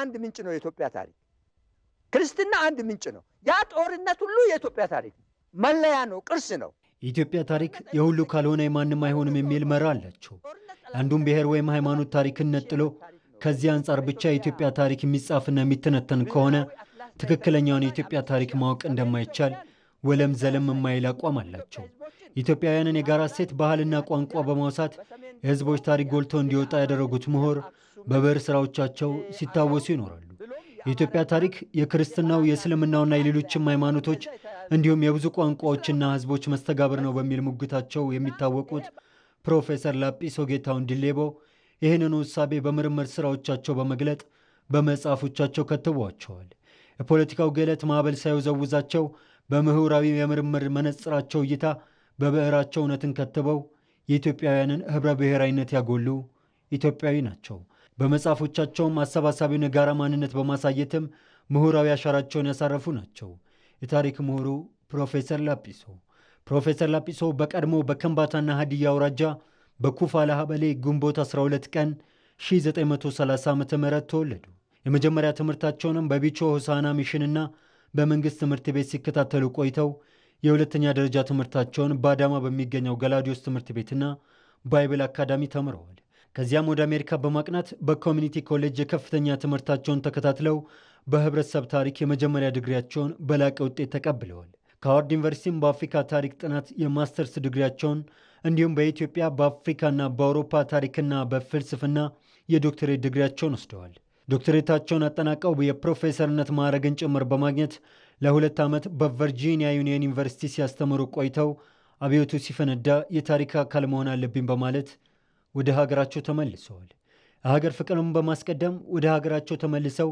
አንድ ምንጭ ነው የኢትዮጵያ ታሪክ። ክርስትና አንድ ምንጭ ነው። ያ ጦርነት ሁሉ የኢትዮጵያ ታሪክ ነው፣ መለያ ነው፣ ቅርስ ነው። የኢትዮጵያ ታሪክ የሁሉ ካልሆነ የማንም አይሆንም የሚል መራ አላቸው። አንዱን ብሔር ወይም ሃይማኖት ታሪክን ነጥሎ ከዚህ አንጻር ብቻ የኢትዮጵያ ታሪክ የሚጻፍና የሚተነተን ከሆነ ትክክለኛውን የኢትዮጵያ ታሪክ ማወቅ እንደማይቻል ወለም ዘለም የማይል አቋም አላቸው። ኢትዮጵያውያንን የጋራ ሴት ባህልና ቋንቋ በማውሳት የህዝቦች ታሪክ ጎልቶ እንዲወጣ ያደረጉት ምሁር በብዕር ሥራዎቻቸው ሲታወሱ ይኖራሉ። የኢትዮጵያ ታሪክ የክርስትናው፣ የእስልምናውና የሌሎችም ሃይማኖቶች እንዲሁም የብዙ ቋንቋዎችና ህዝቦች መስተጋብር ነው በሚል ሙግታቸው የሚታወቁት ፕሮፌሰር ላጲሶ ጌታሁን ዲሌቦ ይህንኑ እሳቤ በምርምር ሥራዎቻቸው በመግለጥ በመጽሐፎቻቸው ከትቧቸዋል። የፖለቲካው ገለት ማዕበል ሳይወዘውዛቸው በምሁራዊ የምርምር መነጽራቸው እይታ በብዕራቸው እውነትን ከትበው የኢትዮጵያውያንን ኅብረ ብሔራዊነት ያጎሉ ኢትዮጵያዊ ናቸው። በመጽሐፎቻቸውም አሰባሳቢውን የጋራ ማንነት በማሳየትም ምሁራዊ አሻራቸውን ያሳረፉ ናቸው። የታሪክ ምሁሩ ፕሮፌሰር ላጲሶ ፕሮፌሰር ላጲሶ በቀድሞ በከምባታና ሀዲያ አውራጃ በኩፋ ላሀበሌ ግንቦት 12 ቀን 1930 ዓ ም ተወለዱ። የመጀመሪያ ትምህርታቸውንም በቢቾ ሆሳና ሚሽንና በመንግሥት ትምህርት ቤት ሲከታተሉ ቆይተው የሁለተኛ ደረጃ ትምህርታቸውን በአዳማ በሚገኘው ገላዲዮስ ትምህርት ቤትና ባይብል አካዳሚ ተምረዋል። ከዚያም ወደ አሜሪካ በማቅናት በኮሚኒቲ ኮሌጅ የከፍተኛ ትምህርታቸውን ተከታትለው በህብረተሰብ ታሪክ የመጀመሪያ ዲግሪያቸውን በላቀ ውጤት ተቀብለዋል። ከሃዋርድ ዩኒቨርሲቲም በአፍሪካ ታሪክ ጥናት የማስተርስ ዲግሪያቸውን እንዲሁም በኢትዮጵያ በአፍሪካና በአውሮፓ ታሪክና በፍልስፍና የዶክትሬት ዲግሪያቸውን ወስደዋል። ዶክትሬታቸውን አጠናቀው የፕሮፌሰርነት ማዕረግን ጭምር በማግኘት ለሁለት ዓመት በቨርጂኒያ ዩኒየን ዩኒቨርሲቲ ሲያስተምሩ ቆይተው አብዮቱ ሲፈነዳ የታሪክ አካል መሆን አለብኝ በማለት ወደ ሀገራቸው ተመልሰዋል። የሀገር ፍቅርን በማስቀደም ወደ ሀገራቸው ተመልሰው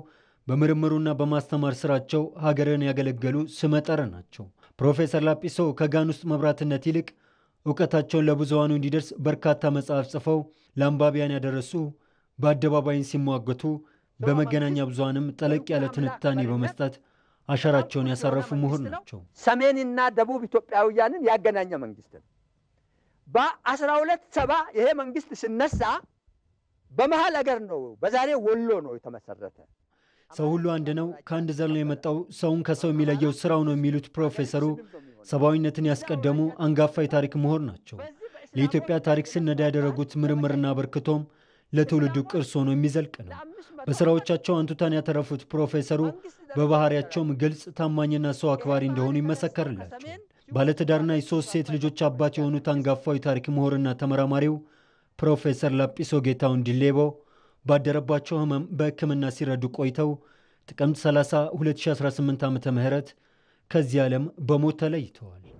በምርምሩና በማስተማር ስራቸው ሀገርን ያገለገሉ ስመጠር ናቸው። ፕሮፌሰር ላጲሶ ከጋን ውስጥ መብራትነት ይልቅ እውቀታቸውን ለብዙሃኑ እንዲደርስ በርካታ መጽሐፍ ጽፈው ለአንባቢያን ያደረሱ፣ በአደባባይን ሲሟገቱ በመገናኛ ብዙሃንም ጠለቅ ያለ ትንታኔ በመስጠት አሻራቸውን ያሳረፉ ምሁር ናቸው። ሰሜንና ደቡብ ኢትዮጵያውያንን ያገናኘ መንግስት ነው። በአስራ ሁለት ሰባ ይሄ መንግስት ሲነሳ በመሀል አገር ነው፣ በዛሬ ወሎ ነው የተመሰረተ። ሰው ሁሉ አንድ ነው፣ ከአንድ ዘር ነው የመጣው፣ ሰውን ከሰው የሚለየው ስራው ነው የሚሉት ፕሮፌሰሩ ሰብአዊነትን ያስቀደሙ አንጋፋ የታሪክ ምሁር ናቸው። ለኢትዮጵያ ታሪክ ስነዳ ያደረጉት ምርምርና አበርክቶም ለትውልዱ ቅርስ ሆኖ የሚዘልቅ ነው። በሥራዎቻቸው አንቱታን ያተረፉት ፕሮፌሰሩ በባህሪያቸውም ግልጽ፣ ታማኝና ሰው አክባሪ እንደሆኑ ይመሰከርላቸው። ባለትዳርና የሶስት ሴት ልጆች አባት የሆኑት አንጋፋዊ ታሪክ ምሁርና ተመራማሪው ፕሮፌሰር ላጲሶ ጌታውን ዲሌቦ ባደረባቸው ህመም በሕክምና ሲረዱ ቆይተው ጥቅምት 30 2018 ዓ ም ከዚህ ዓለም በሞት ተለይተዋል።